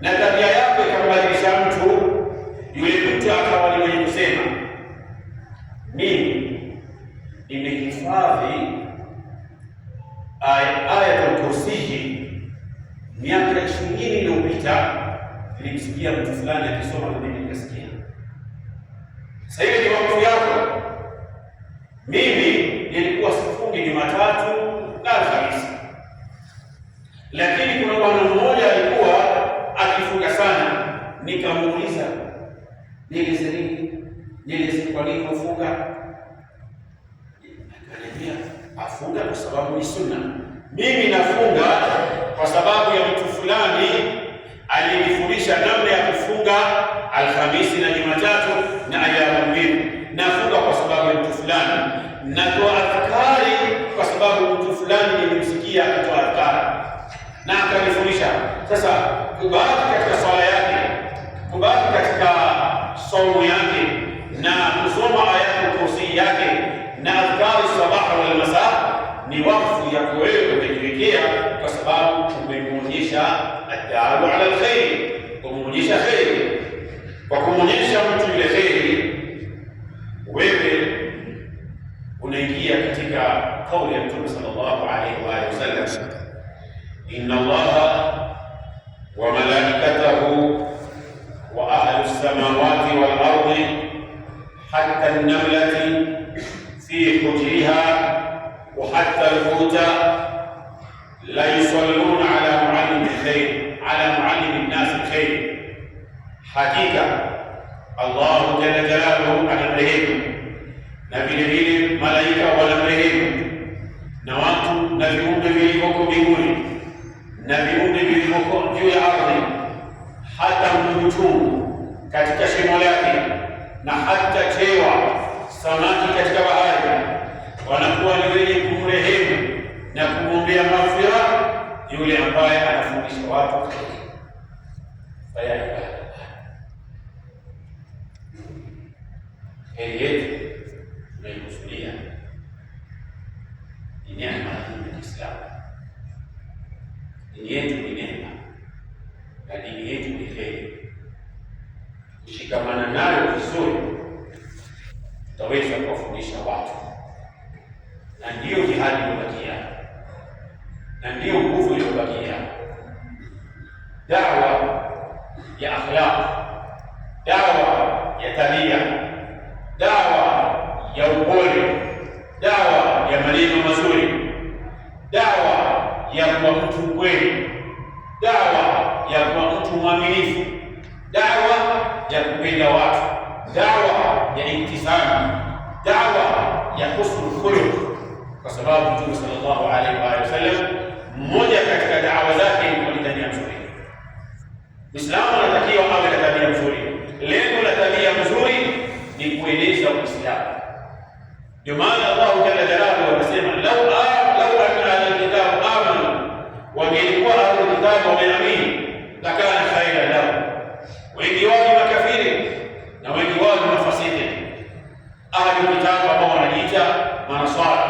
na tabia yako ikambadilisha mtu yule, mtu akawa ni mwenye kusema mimi nimehifadhi ya Kursi. Miaka ishirini iliyopita nilimsikia mtu fulani akisoma na mimi nikasikia. Sasa hivi ni wakati yako mimi yeye si kwa nini kufunga? Angalia, afunga kwa sababu ni sunna. Mimi nafunga kwa sababu ya mtu fulani alinifundisha namna ya kufunga Alhamisi na Jumatatu na ayamu mbili. Nafunga kwa sababu ya mtu fulani, natoa adhkari kwa sababu mtu fulani nilimsikia akatoa adhkari na akanifundisha. Sasa kubaki katika swala yake, kubaki katika somo yake kusoma Ayatul Kursi yake na adhkari sabaha wal masaa ni wakfu ya kuwewe kujiwekea, kwa sababu umemwonyesha addalu ala alkhairi, kumwonyesha kheri. Kwa kumwonyesha mtu ile kheri, wewe unaingia katika kauli ya Mtume sallallahu alaihi wa alihi inna Allah Allah jalla jalaluhu anamrehemu, na vile vile malaika wanamrehemu, na watu na viumbe vilivyoko mbinguni na viumbe vilivyoko juu ya ardhi, hata mtukutu katika shimo lake na hata tewa samaki katika bahari, wanakuwa ni wenye kumrehemu na kumwombea maghfira yule ambaye anafundisha watu. heri yetu tunaikusudia ni neema ya Kiislamu. Dini yetu ni neema na dini yetu ni heri. Kushikamana nayo vizuri, tutaweza kuwafundisha watu na ndiyo jihadi watu, dawa ya iktisami, dawa ya husnul khuluq, kwa sababu Mtume sallallahu alaihi wa sallam, mmoja katika dawa zake ilikuwa ni tabia nzuri. Muislamu anatakiwa awe na tabia nzuri. Lengo la tabia nzuri ni kueneza Uislamu. Ndio maana Allahu jalla jalaluhu anasema lau not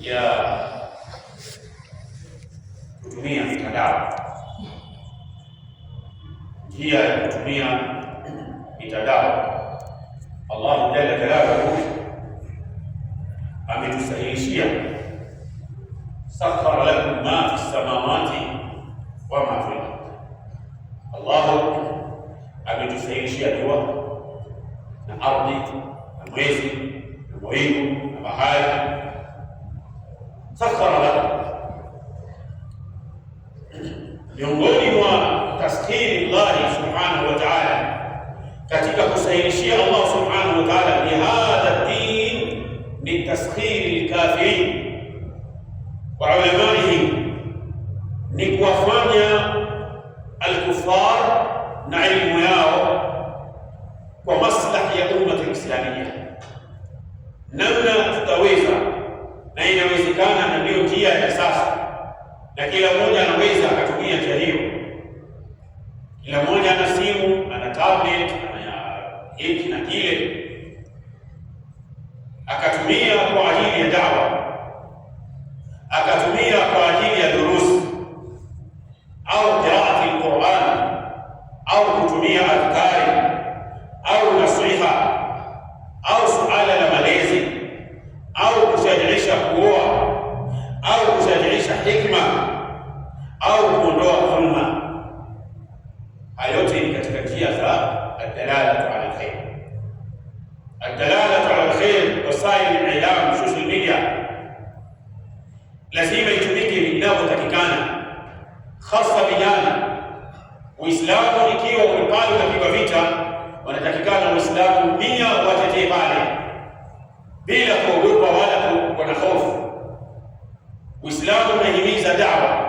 ya kutumia mitandao, njia ya kutumia mitandao. Allahu jalla jalaluhu ametusahilishia, sakhara lakum ma fi samawati wa ma fil ardi. Allahu ametusahilishia jua na ardhi na mwezi na mawingu na bahari sakhara lahu. Miongoni mwa taskiri llahi subhanahu wa ta'ala, katika kusairishia Allah subhanahu wa ta'ala akatu Uislamu ikiwa pale utapigwa vita, wanatakikana Waislamu pia watetee pale bila kuogopa wala kuwa na hofu. Uislamu unahimiza dawa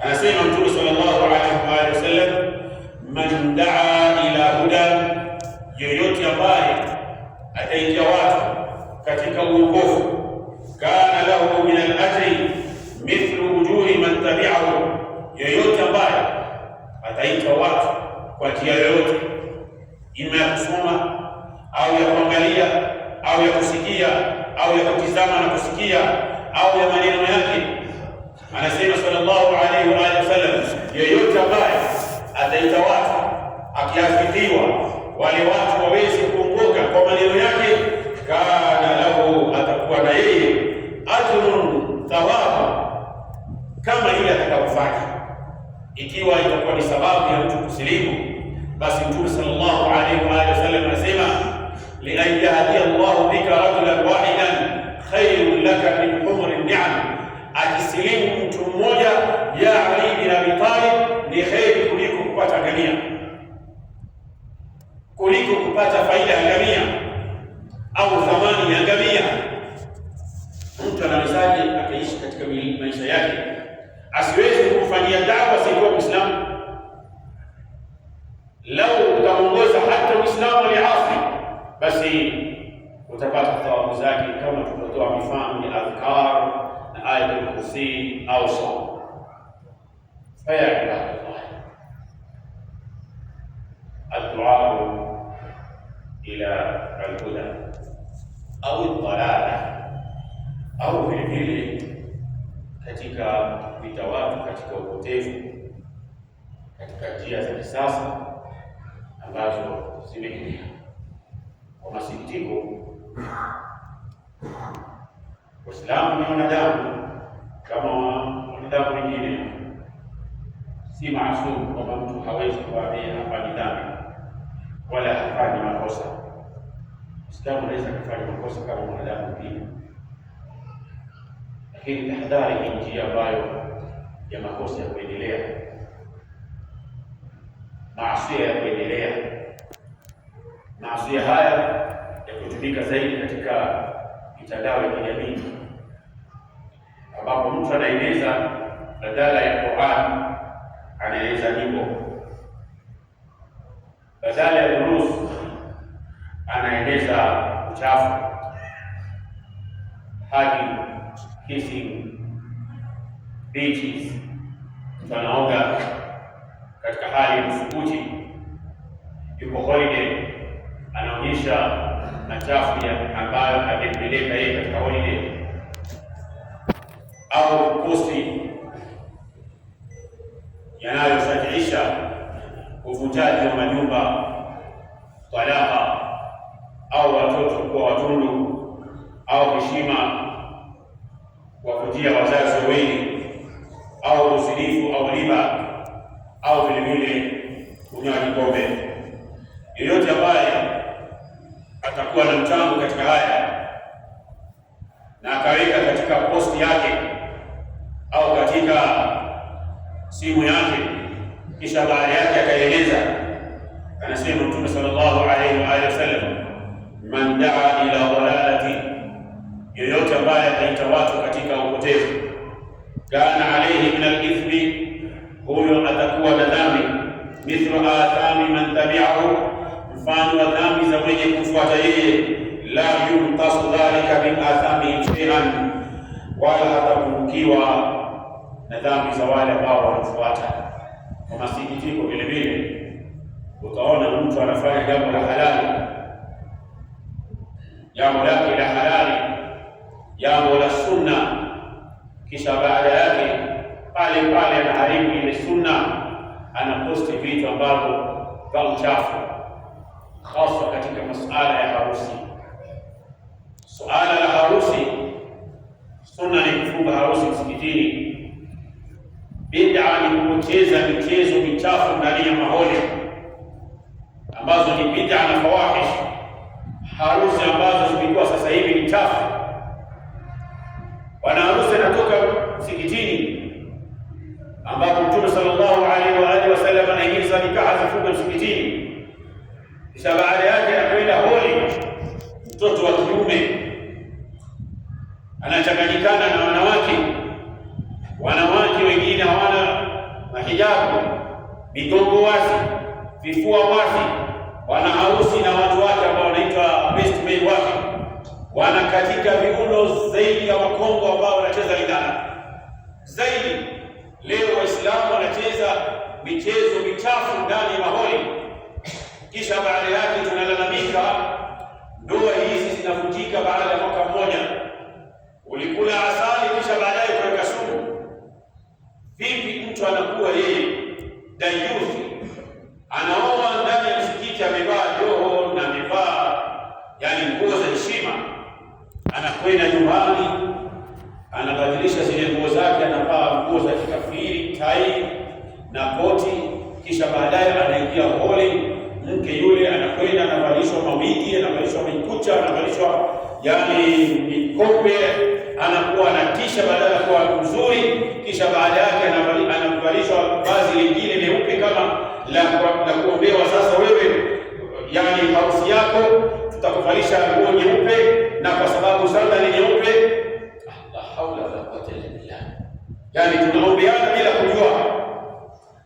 Anasema Mtume sallallahu alaihi wasallam, man daa ila huda, yoyote ambaye ataingia watu katika uokovu, kana lahu min al-ajri mithlu ujuri man tabi'ahu, yoyote ambaye ataitwa watu kwa njia yoyote, ima ya kusoma au ya kuangalia au ya kusikia au ya kutizama na kusikia au ya maneno yake Anasema sallallahu alaihi wa alihi wasallam, yeyote ambaye ataita watu akiafikiwa wale watu waweze kuongoka masikitiko, Waislamu ni wanadamu kama wanadamu wengine, si maasumu, kwamba mtu hawezi kuwaambia hafanyi dhambi wala hafanyi makosa. Mwislamu anaweza kufanya makosa kama mwanadamu mwingine, lakini tahadhari ni njia ambayo ya makosa ya kuendelea, maasia ya kuendelea, maasia haya imetumika zaidi katika mitandao ya kijamii ambapo mtu anaeleza badala ya Qur'an anaeleza nyimbo, badala ya durusu anaeleza uchafu, hagi, kissing, beaches, mtu anaoga katika hali ya msukuti, yuko holiday, anaonyesha machafu ambayo angepeleka yeye katika holiday au kosti yanayosajilisha uvutaji wa majumba, talaka au watoto kuwa watundu au heshima kujia wazazi wawili au uzinifu au riba au vilevile kunywa kikombe yoyote ambaye atakuwa na mchango katika haya, na akaweka katika posti yake au katika simu yake, kisha baada yake akaeleza, anasema Mtume sallallahu alaihi wa alihi wasallam, man daa ila dalalati, yoyote ambaye ataita watu katika upotevu, kana alaihi min alithmi, huyo atakuwa na dhambi mithlu athami man tabi'ahu mfano wa dhambi za mwenye kumfuata yeye, la yuntasu dhalika min athami shay'an, wala hatapungukiwa na dhambi za wale ambao wanafuata Kwa masikitiko, vile vile utaona mtu anafanya jambo la halali, jambo lake la halali, jambo la sunna, kisha baada yake pale pale anaharibu ile sunna, anaposti vitu ambavyo vya uchafu hasa katika masuala ya harusi. Suala la harusi, sunna ni kufunga harusi msikitini. Bid'a ni kucheza michezo michafu ndani ya mahole, ambazo ni bid'a na fawahish, harusi ambazo zimekuwa sasa hivi ni chafu. wana harusi anatoka msikitini, ambapo Mtume sallallahu alaihi wa alihi wasallam anahimiza nikaha zifungwe msikitini kisha baada yake anakwenda holi, mtoto wa kiume anachanganyikana na wanawake, wanawake wengine hawana mahijabu, migongo wazi, vifua wazi, wana harusi na watu wake ambao wanaitwa best man wake, katika viuno zaidi ya Wakongo ambao wanacheza lidana zaidi. Leo Waislamu wanacheza michezo michafu ndani ya maholi kisha baada yake tunalalamika ndoa hizi zinavutika baada ya mwaka mmoja. Ulikula asali kisha baadaye kuweka sumu. Vipi mtu anakuwa yeye dayuthi anaoa utakuombewa sasa wewe, yani harusi yako tutakuvalisha nguo nyeupe, na kwa sababu ni nyeupe. La haula wala quwwata illa billah. Yani tunaombeana bila kujua.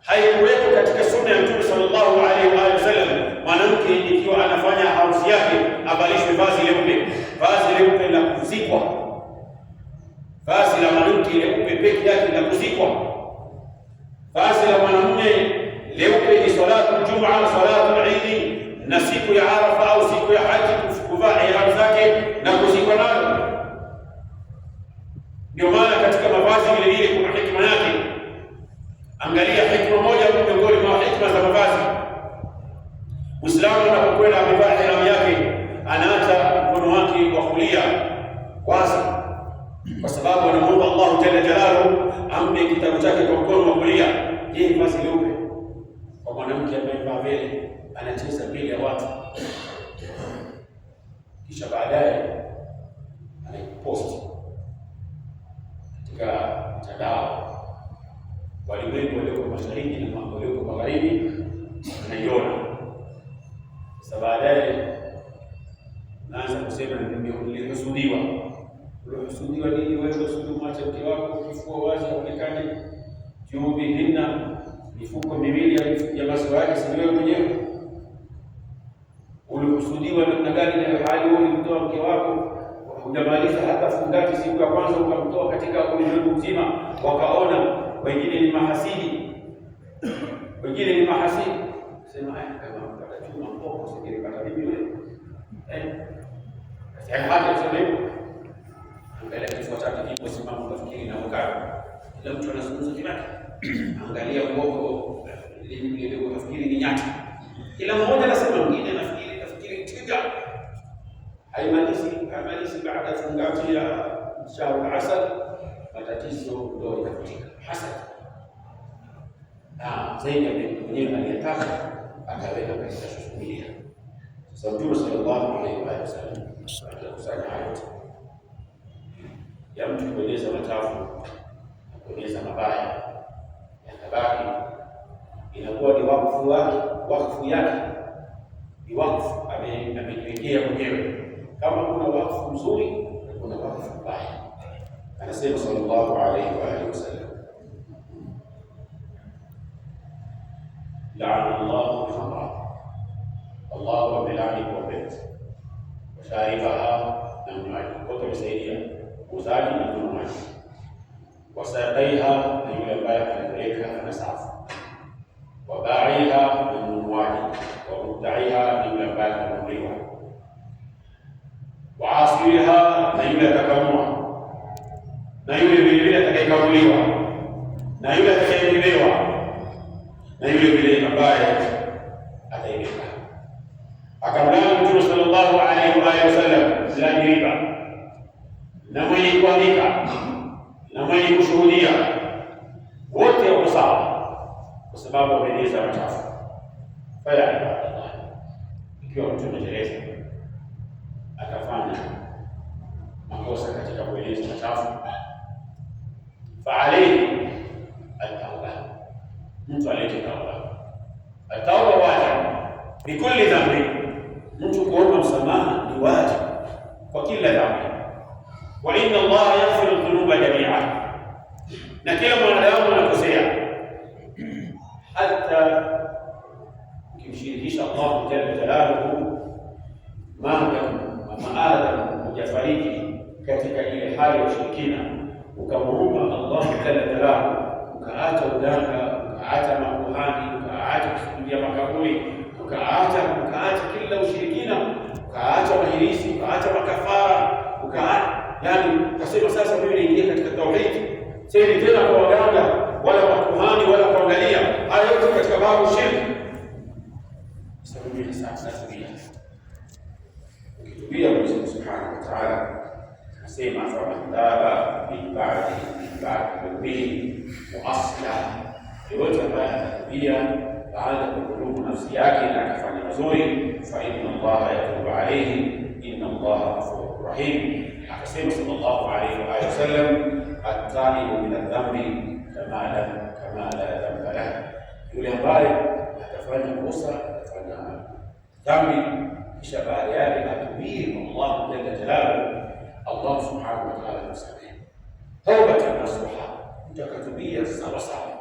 Haikuwepo katika sunna ya Mtume sallallahu alaihi wa sallam mwanamke ikiwa anafanya harusi yake avalishwe vazi leupe, vazi leupe la kuzikwa, vazi la mwanamke leupe peke yake la kuzikwa, vazi la mwanamume leupe ni salatu jumaa, salatu idi na siku ya Arafa au siku ya haji, kuvaa ihram zake na kushikwa nayo. Ndio maana katika mavazi vile vile kuna hikma yake. Angalia hikma moja miongoni mwa hikma za mavazi. Muislamu anapokwenda amevaa ihram yake, anaacha mkono wake wa kulia kwanza, kwa sababu anamuomba Allahu jalla jalaluhu ampe kitabu chake kwa mkono wa kulia. Je, vazi leupe kwa mwanamke amevaa vile anacheza mbele ya watu, kisha baadaye anaiposti katika mtandao. Walimwengu walioko mashariki na mambo walioko magharibi anaiona. Sasa baadaye naanza kusema nilihusudiwa. Ulihusudiwa nini? Wewe usimuache mke wako kifua wazi, aonekane juu bihinna mifuko miwili ya mazao yake, si wewe mwenyewe? Ulikusudiwa namna gani? Na hali wewe ulimtoa mke wako, hujamaliza hata fungati siku ya kwanza, ukamtoa katika ulimwengu mzima, wakaona wengine ni mahasidi, wengine ni mahasidi, sema eh, kama mkata chuma mkoko sikirikata mimi wewe eh, hata kusema hivyo, angalia kifua chake kipo simama, ukafikiri na ukara, kila mtu anazungumza kinake angalia uongo utafikiri ni nyati. Kila mmoja anasema mwingine anafikiri anafikiri twiga. Haimalizi haimalizi baada ya fungati ya mshauri asad matatizo ndio yanafutika hasa. Na zaidi ya mwenyewe aliyetaka akaweka katika kusubiria. Sasa Mtume sallallahu alaihi wasallam atakusanya hayo ya mtu kueleza machafu, kueleza mabaya baki inakuwa ni wakfu wake, wakfu yake ni wakfu amejiwekea mwenyewe. Kama kuna wakfu mzuri na kuna wakfu mbaya, anasema sallallahu alaihi wa alihi wasallam, laana llahu lhamra, Allahu amelaani kuwapeza washaribaha na mnywaji wote, wamesaidia muuzaji na mnunuaji wasadaiha na yule ambaye anapeleka nasafu, wabaiha na mnunuaji, wamutaiha na yule ambaye ananunuliwa, waasiriha na yule atakamua, na yule vilevile atakayekamuliwa, na yule atakayeibiwa, na yule vile ambaye ataibika. Akamlana Mtume sallallahu alaihi wa alihi wasallam riba na mwenye kuandika na mwenye kushuhudia wote wako sawa, kwa sababu wameeneza wachafu. Fala ibadallah, ikiwa mtu ameteleza akafanya makosa katika kueneza machafu, fa alayhi at-tauba, mtu alete tauba. At-tauba wajibu bi kulli dhambi, mtu kuomba msamaha ni wajibu kwa kila dhambi wa inna Allaha yaghfiru dhunuba jami'a, na kila mwanadamu anakosea hata ukimshirikisha Allah jalla jalaluhu, mama Adam hujafariki katika ile hali ya ushirikina, ukamuumba Allah jalla jalaluhu, ukaacha uganga, ukaacha makuhani, ukaacha kusujudia makaburi, ukaacha ukaacha kila ushirikina, ukaacha mahirisi, ukaacha makafara, ukaacha yaani kasema sasa mimi naingia katika tauhidi. Sasa tena kwa waganga wala kwa kuhani wala kuangalia haya yote katika babu shirki. Sasa mimi sasa natubia, ukitubia Mwenyezi Subhanahu wa Ta'ala nasema faman taba min ba'di min ba'di dhulmihi wa aslah, yoyote ambaye anatubia baada ya kudhulumu nafsi yake na akafanya mazuri, fa inna Allaha yatubu alayhi, inna Allaha الرحيم حسين صلى الله عليه واله وسلم الثاني من الذنب كما لا كما لا ذنب له يقول يا طالب احتفلنا بالاسره احتفلنا بالذنب في شفاء ريالنا تبين الله جل جلاله الله سبحانه وتعالى المستعان توبه نصوحا انت كتبيه الصلاه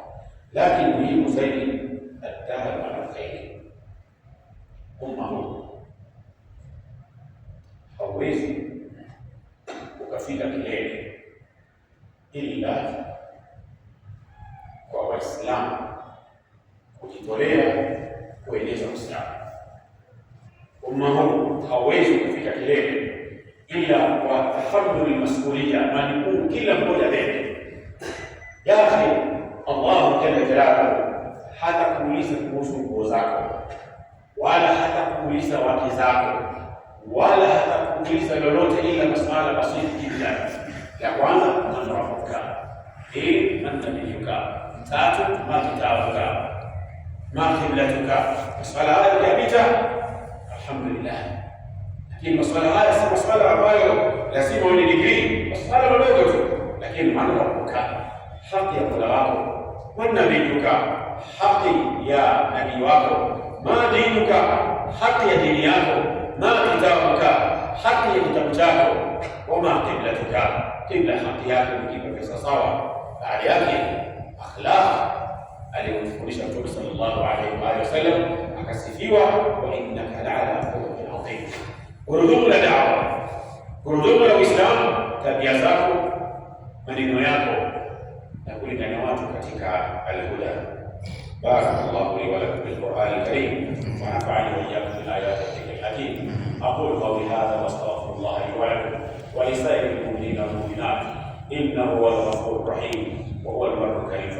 لكن مهم زين التاب على الخير ثم هو Peterapo hata kuuliza kuhusu nguo zako, wala hata kuuliza wake zako, wala hata kuuliza lolote ila masuala masihi kibla ya kwanza manrafuka pili mantabiyuka tatu makitabuka makiblatuka. Masuala haya yakipita, alhamdulillah. Lakini masuala haya si masuala ambayo lazima uone digrii, masuala madogo tu, lakini manrafuka, haki ya mola wako من دينك حق يا نبي واكو ما دينك حق يا دينياكو ما كتابك حق يا كتابك وما قبلتك قبل حقياك في بكسة صوى بعد أخلاق اللي أليه الفرشة صلى الله عليه وآله وسلم أكسفيوا وإنك لعلى قوة عظيم قردوا لدعوة قردوا لو إسلام تبيازاكو مدينو ياكو na kulinganya watu katika alhuda. Baraka llahu li walakum bilqurani lkarim wanafani waiyakum bilayati dhikri lhakim aqulu qauli hadha wastaghfiru llaha li walakum walisairi lmuminina walmuminat innahu huwa lghafuru rahim wa huwa lbarru karim